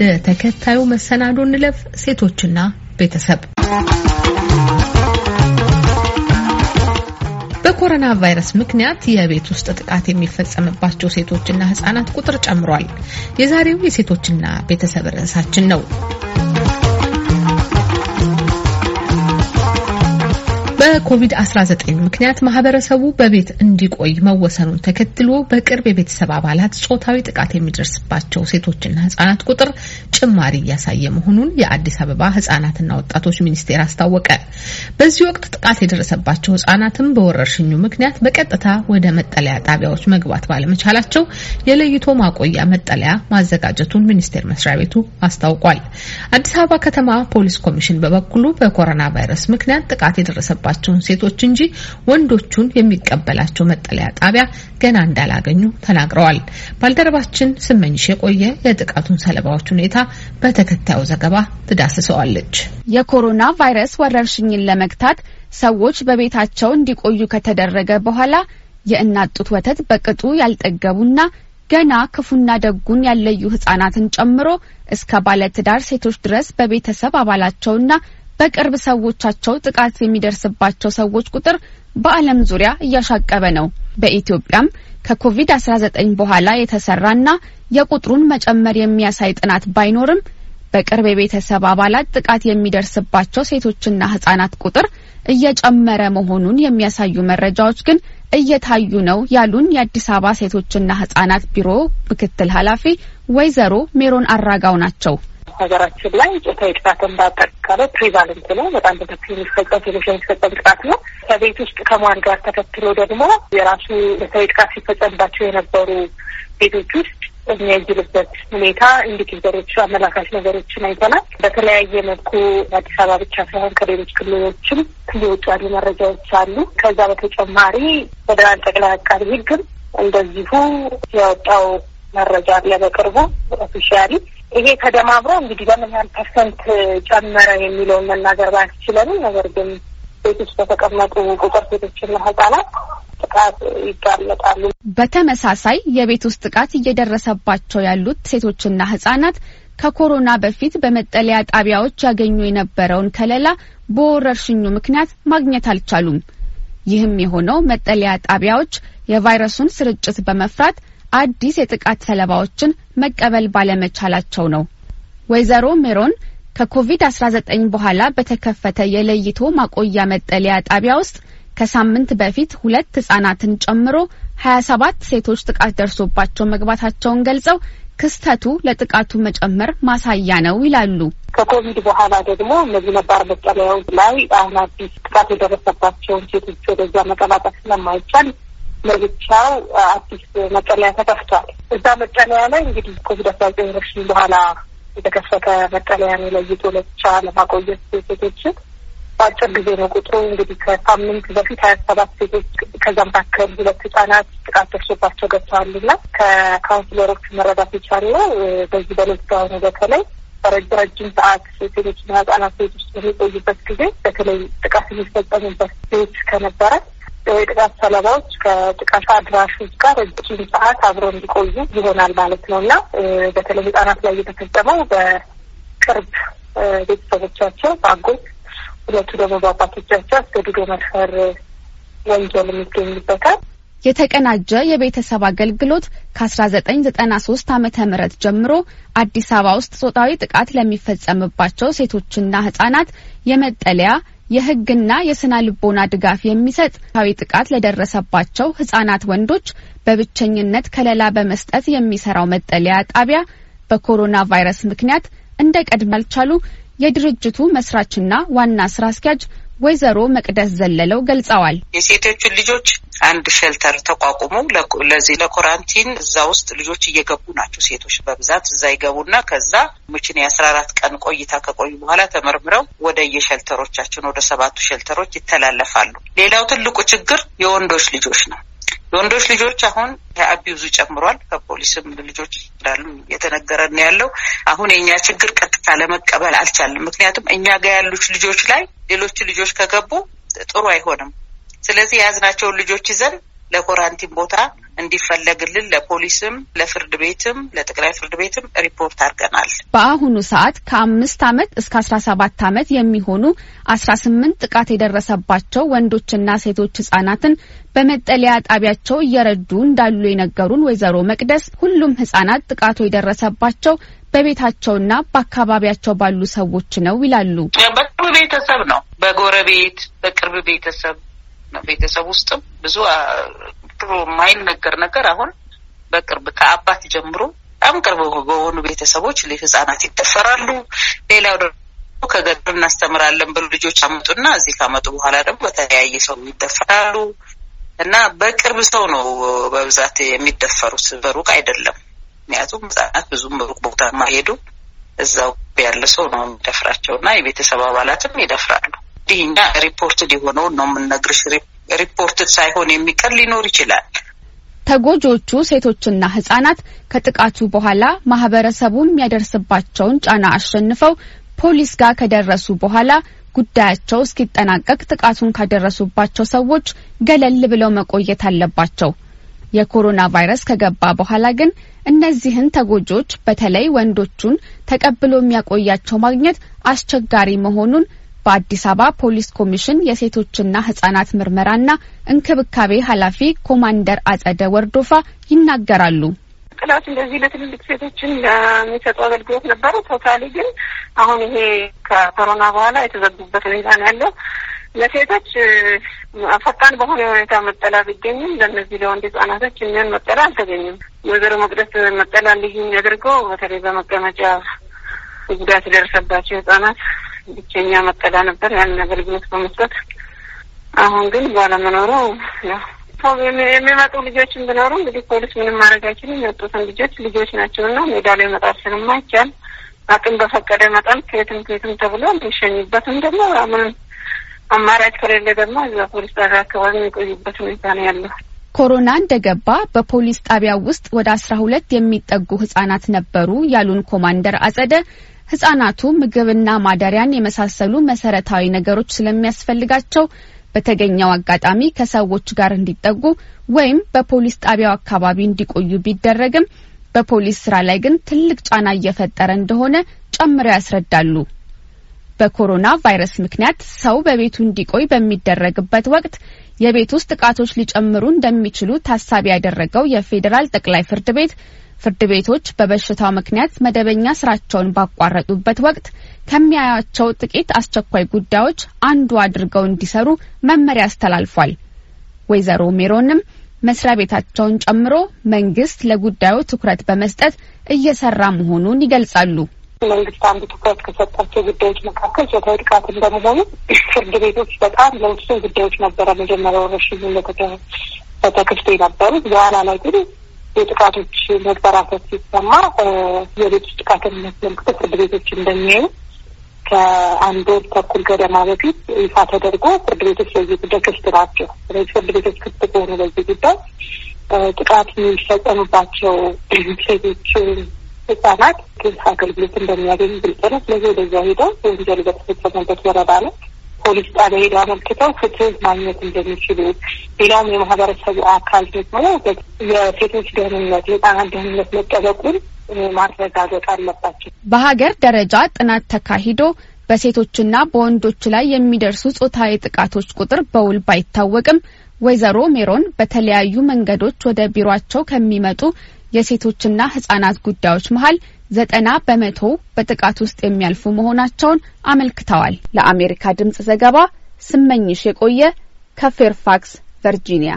ወደ ተከታዩ መሰናዶ እንለፍ። ሴቶችና ቤተሰብ በኮሮና ቫይረስ ምክንያት የቤት ውስጥ ጥቃት የሚፈጸምባቸው ሴቶችና ህጻናት ቁጥር ጨምሯል። የዛሬው የሴቶችና ቤተሰብ ርዕሳችን ነው። በኮቪድ-19 ምክንያት ማህበረሰቡ በቤት እንዲቆይ መወሰኑን ተከትሎ በቅርብ የቤተሰብ አባላት ጾታዊ ጥቃት የሚደርስባቸው ሴቶችና ህጻናት ቁጥር ጭማሪ እያሳየ መሆኑን የአዲስ አበባ ህጻናትና ወጣቶች ሚኒስቴር አስታወቀ። በዚህ ወቅት ጥቃት የደረሰባቸው ህጻናትም በወረርሽኙ ምክንያት በቀጥታ ወደ መጠለያ ጣቢያዎች መግባት ባለመቻላቸው የለይቶ ማቆያ መጠለያ ማዘጋጀቱን ሚኒስቴር መስሪያ ቤቱ አስታውቋል። አዲስ አበባ ከተማ ፖሊስ ኮሚሽን በበኩሉ በኮሮና ቫይረስ ምክንያት ጥቃት የደረሰባቸው ያላቸውን ሴቶች እንጂ ወንዶቹን የሚቀበላቸው መጠለያ ጣቢያ ገና እንዳላገኙ ተናግረዋል። ባልደረባችን ስመኝሽ የቆየ የጥቃቱን ሰለባዎች ሁኔታ በተከታዩ ዘገባ ትዳስሰዋለች። የኮሮና ቫይረስ ወረርሽኝን ለመግታት ሰዎች በቤታቸው እንዲቆዩ ከተደረገ በኋላ የእናት ጡት ወተት በቅጡ ያልጠገቡና ገና ክፉና ደጉን ያለዩ ህጻናትን ጨምሮ እስከ ባለትዳር ሴቶች ድረስ በቤተሰብ አባላቸውና በቅርብ ሰዎቻቸው ጥቃት የሚደርስባቸው ሰዎች ቁጥር በዓለም ዙሪያ እያሻቀበ ነው። በኢትዮጵያም ከኮቪድ-19 በኋላ የተሰራና የቁጥሩን መጨመር የሚያሳይ ጥናት ባይኖርም በቅርብ የቤተሰብ አባላት ጥቃት የሚደርስባቸው ሴቶችና ህጻናት ቁጥር እየጨመረ መሆኑን የሚያሳዩ መረጃዎች ግን እየታዩ ነው ያሉን የአዲስ አበባ ሴቶችና ህጻናት ቢሮ ምክትል ኃላፊ ወይዘሮ ሜሮን አራጋው ናቸው። ሀገራችን ላይ ጾታዊ ጥቃትን በአጠቃላይ ፕሪቫለንት ነው። በጣም በተክል የሚፈጸም ሴቶች የሚፈጸም ጥቃት ነው። ከቤት ውስጥ ከማን ጋር ተከትሎ ደግሞ የራሱ ጾታዊ ጥቃት ሲፈጸምባቸው የነበሩ ቤቶች ውስጥ የሚያይልበት ሁኔታ ኢንዲኬተሮች፣ አመላካች ነገሮችን አይተናል። በተለያየ መልኩ አዲስ አበባ ብቻ ሳይሆን ከሌሎች ክልሎችም እየወጡ ያሉ መረጃዎች አሉ። ከዛ በተጨማሪ ፌደራል ጠቅላይ አቃቢ ሕግም እንደዚሁ ያወጣው መረጃ አለ በቅርቡ ኦፊሻሊ። ይሄ ተደማምሮ እንግዲህ በምን ያህል ፐርሰንት ጨመረ የሚለውን መናገር ባያስችለንም፣ ነገር ግን ቤት ውስጥ በተቀመጡ ቁጥር ሴቶችና ህጻናት ጥቃት ይጋለጣሉ። በተመሳሳይ የቤት ውስጥ ጥቃት እየደረሰባቸው ያሉት ሴቶችና ህጻናት ከኮሮና በፊት በመጠለያ ጣቢያዎች ያገኙ የነበረውን ከለላ በወረርሽኙ ምክንያት ማግኘት አልቻሉም። ይህም የሆነው መጠለያ ጣቢያዎች የቫይረሱን ስርጭት በመፍራት አዲስ የጥቃት ሰለባዎችን መቀበል ባለመቻላቸው ነው። ወይዘሮ ሜሮን ከኮቪድ-19 በኋላ በተከፈተ የለይቶ ማቆያ መጠለያ ጣቢያ ውስጥ ከሳምንት በፊት ሁለት ህጻናትን ጨምሮ 27 ሴቶች ጥቃት ደርሶባቸው መግባታቸውን ገልጸው ክስተቱ ለጥቃቱ መጨመር ማሳያ ነው ይላሉ። ከኮቪድ በኋላ ደግሞ እነዚህ ነባር መጠለያው ላይ አሁን አዲስ ጥቃት የደረሰባቸውን ሴቶች ወደዛ መቀላቀል ስለማይቻል ለብቻው አዲስ መጠለያ ተከፍቷል። እዛ መጠለያ ላይ እንግዲህ ኮቪድ አስራ ዘጠኝ በኋላ የተከፈተ መጠለያ ነው። ለይቶ ለብቻ ለማቆየት ሴቶችን በአጭር ጊዜ ነው ቁጥሩ እንግዲህ ከሳምንት በፊት ሀያ ሰባት ሴቶች ከዛ መካከል ሁለት ህጻናት ጥቃት ደርሶባቸው ገብተዋልና ከካውንስለሮች መረዳት የቻለው በዚህ በሎክዳውን በተለይ ረጅም ሰዓት ሴቶችና ህጻናት ቤት ውስጥ በሚቆዩበት ጊዜ በተለይ ጥቃት የሚፈጸሙበት ቤት ከነበረ የጥቃት ሰለባዎች ከጥቃት አድራሾች ጋር ረጅም ሰዓት አብሮ እንዲቆዩ ይሆናል ማለት ነው እና በተለይ ህጻናት ላይ የተፈጸመው በቅርብ ቤተሰቦቻቸው በአጎት ሁለቱ ደግሞ በአባቶቻቸው አስገድዶ መድፈር ወንጀል የሚገኝበታል። የተቀናጀ የቤተሰብ አገልግሎት ከ1993 ዓ ም ጀምሮ አዲስ አበባ ውስጥ ጾታዊ ጥቃት ለሚፈጸምባቸው ሴቶችና ህጻናት የመጠለያ የህግና የስነ ልቦና ድጋፍ የሚሰጥ ዊ ጥቃት ለደረሰባቸው ህጻናት ወንዶች በብቸኝነት ከለላ በመስጠት የሚሰራው መጠለያ ጣቢያ በኮሮና ቫይረስ ምክንያት እንደ ቀድም ያልቻሉ የድርጅቱ መስራችና ዋና ስራ አስኪያጅ ወይዘሮ መቅደስ ዘለለው ገልጸዋል። የሴቶቹን ልጆች አንድ ሸልተር ተቋቁሞ ለዚህ ለኮራንቲን እዛ ውስጥ ልጆች እየገቡ ናቸው። ሴቶች በብዛት እዛ ይገቡና ከዛ ምችን የአስራ አራት ቀን ቆይታ ከቆዩ በኋላ ተመርምረው ወደ የሸልተሮቻችን ወደ ሰባቱ ሸልተሮች ይተላለፋሉ። ሌላው ትልቁ ችግር የወንዶች ልጆች ነው። የወንዶች ልጆች አሁን አቢውዙ ጨምሯል። ከፖሊስም ልጆች እንዳሉ እየተነገረን ያለው አሁን የእኛ ችግር ቀጥታ ለመቀበል አልቻለም። ምክንያቱም እኛ ጋር ያሉት ልጆች ላይ ሌሎች ልጆች ከገቡ ጥሩ አይሆንም። ስለዚህ የያዝናቸውን ልጆች ይዘን ለኮራንቲን ቦታ እንዲፈለግልን ለፖሊስም ለፍርድ ቤትም ለጠቅላይ ፍርድ ቤትም ሪፖርት አድርገናል። በአሁኑ ሰዓት ከአምስት ዓመት እስከ አስራ ሰባት ዓመት የሚሆኑ አስራ ስምንት ጥቃት የደረሰባቸው ወንዶችና ሴቶች ህጻናትን በመጠለያ ጣቢያቸው እየረዱ እንዳሉ የነገሩን ወይዘሮ መቅደስ ሁሉም ህጻናት ጥቃቱ የደረሰባቸው በቤታቸውና በአካባቢያቸው ባሉ ሰዎች ነው ይላሉ። በቅርብ ቤተሰብ ነው፣ በጎረቤት በቅርብ ቤተሰብ ቤተሰብ ውስጥም ብዙ ጥሩ የማይነገር ነገር አሁን በቅርብ ከአባት ጀምሮ በጣም ቅርብ በሆኑ ቤተሰቦች ህጻናት ይደፈራሉ። ሌላው ደግሞ ከገጠር እናስተምራለን ብሎ ልጆች አመጡና እዚህ ካመጡ በኋላ ደግሞ በተለያየ ሰው ይደፈራሉ እና በቅርብ ሰው ነው በብዛት የሚደፈሩት፣ በሩቅ አይደለም። ምክንያቱም ህጻናት ብዙም በሩቅ ቦታ ማሄዱ እዛው ያለ ሰው ነው የሚደፍራቸው እና የቤተሰብ አባላትም ይደፍራሉ። እንዲህና ሪፖርትድ የሆነውን ነው የምነግርሽ። ሪፖርትድ ሳይሆን የሚቀር ሊኖር ይችላል። ተጎጂዎቹ ሴቶችና ህጻናት ከጥቃቱ በኋላ ማህበረሰቡ የሚያደርስባቸውን ጫና አሸንፈው ፖሊስ ጋር ከደረሱ በኋላ ጉዳያቸው እስኪጠናቀቅ ጥቃቱን ካደረሱባቸው ሰዎች ገለል ብለው መቆየት አለባቸው። የኮሮና ቫይረስ ከገባ በኋላ ግን እነዚህን ተጎጂዎች በተለይ ወንዶቹን ተቀብሎ የሚያቆያቸው ማግኘት አስቸጋሪ መሆኑን በአዲስ አበባ ፖሊስ ኮሚሽን የሴቶችና ህጻናት ምርመራና እንክብካቤ ኃላፊ ኮማንደር አጸደ ወርዶፋ ይናገራሉ። ጥላት እንደዚህ ለትልልቅ ሴቶችን የሚሰጡ አገልግሎት ነበረ። ቶታሊ ግን አሁን ይሄ ከኮሮና በኋላ የተዘጉበት ሁኔታ ነው ያለው። ለሴቶች ፈጣን በሆነ ሁኔታ መጠለያ ቢገኝም ለእነዚህ ለወንድ ህጻናቶች የሚሆን መጠለያ አልተገኘም። ወይዘሮ መቅደስ መጠለያ ልዩ የሚያደርገው በተለይ በመቀመጫ ጉዳት የደረሰባቸው ህጻናት ብቸኛ መጠዳ ነበር። ያንን አገልግሎት በመስጠት አሁን ግን ባለመኖሩ ያው የሚመጡ ልጆችን ቢኖሩ እንግዲህ ፖሊስ ምንም ማድረግ አይችልም። የወጡትን ልጆች ልጆች ናቸውና ሜዳ ላይ መጣል ስለማይቻል አቅም በፈቀደ መጠን ከየትም ከየትም ተብሎ እንዲሸኙበትም ደግሞ ምንም አማራጭ ከሌለ ደግሞ እዛ ፖሊስ ጣቢያ አካባቢ የሚቆዩበት ሁኔታ ነው ያለው። ኮሮና እንደገባ በፖሊስ ጣቢያ ውስጥ ወደ አስራ ሁለት የሚጠጉ ህጻናት ነበሩ ያሉን ኮማንደር አጸደ ህጻናቱ ምግብና ማደሪያን የመሳሰሉ መሰረታዊ ነገሮች ስለሚያስፈልጋቸው በተገኘው አጋጣሚ ከሰዎች ጋር እንዲጠጉ ወይም በፖሊስ ጣቢያው አካባቢ እንዲቆዩ ቢደረግም በፖሊስ ስራ ላይ ግን ትልቅ ጫና እየፈጠረ እንደሆነ ጨምረው ያስረዳሉ። በኮሮና ቫይረስ ምክንያት ሰው በቤቱ እንዲቆይ በሚደረግበት ወቅት የቤት ውስጥ ጥቃቶች ሊጨምሩ እንደሚችሉ ታሳቢ ያደረገው የፌዴራል ጠቅላይ ፍርድ ቤት ፍርድ ቤቶች በበሽታው ምክንያት መደበኛ ስራቸውን ባቋረጡበት ወቅት ከሚያያቸው ጥቂት አስቸኳይ ጉዳዮች አንዱ አድርገው እንዲሰሩ መመሪያ አስተላልፏል። ወይዘሮ ሜሮንም መስሪያ ቤታቸውን ጨምሮ መንግስት ለጉዳዩ ትኩረት በመስጠት እየሰራ መሆኑን ይገልጻሉ። መንግስት አንዱ ትኩረት ከሰጣቸው ጉዳዮች መካከል ጾታዊ ጥቃት እንደመሆኑ ፍርድ ቤቶች በጣም ለውስን ጉዳዮች ነበረ መጀመሪያ ወረርሽኙ ተከፍቶ የነበሩት በኋላ ላይ ግን የጥቃቶች መበራከት ሲሰማ የቤት ውስጥ የሚያስመልክቱ ፍርድ ቤቶች እንደሚያዩ ከአንድ ወር ተኩል ገደማ በፊት ይፋ ተደርጎ ፍርድ ቤቶች በዚህ ጉዳይ ክፍት ናቸው። ስለዚህ ፍርድ ቤቶች ክፍት ከሆኑ በዚህ ጉዳይ ጥቃት የሚፈጸምባቸው ሴቶች፣ ህጻናት አገልግሎት እንደሚያገኙ ግልጽ ነው። ስለዚህ ወደዚያ ሄደው ወንጀል በተፈጸመበት ወረዳ ነው ፖሊስ ጣቢያ ሄደው አመልክተው ፍትህ ማግኘት እንደሚችሉ ሌላውም የማህበረሰቡ አካል ደግሞ የሴቶች ደህንነት፣ የህጻናት ደህንነት መጠበቁን ማረጋገጥ አለባቸው። በሀገር ደረጃ ጥናት ተካሂዶ በሴቶችና በወንዶች ላይ የሚደርሱ ጾታዊ ጥቃቶች ቁጥር በውል ባይታወቅም ወይዘሮ ሜሮን በተለያዩ መንገዶች ወደ ቢሯቸው ከሚመጡ የሴቶችና ህጻናት ጉዳዮች መሀል ዘጠና በመቶ በጥቃት ውስጥ የሚያልፉ መሆናቸውን አመልክተዋል። ለአሜሪካ ድምጽ ዘገባ ስመኝሽ የቆየ ከፌርፋክስ ቨርጂኒያ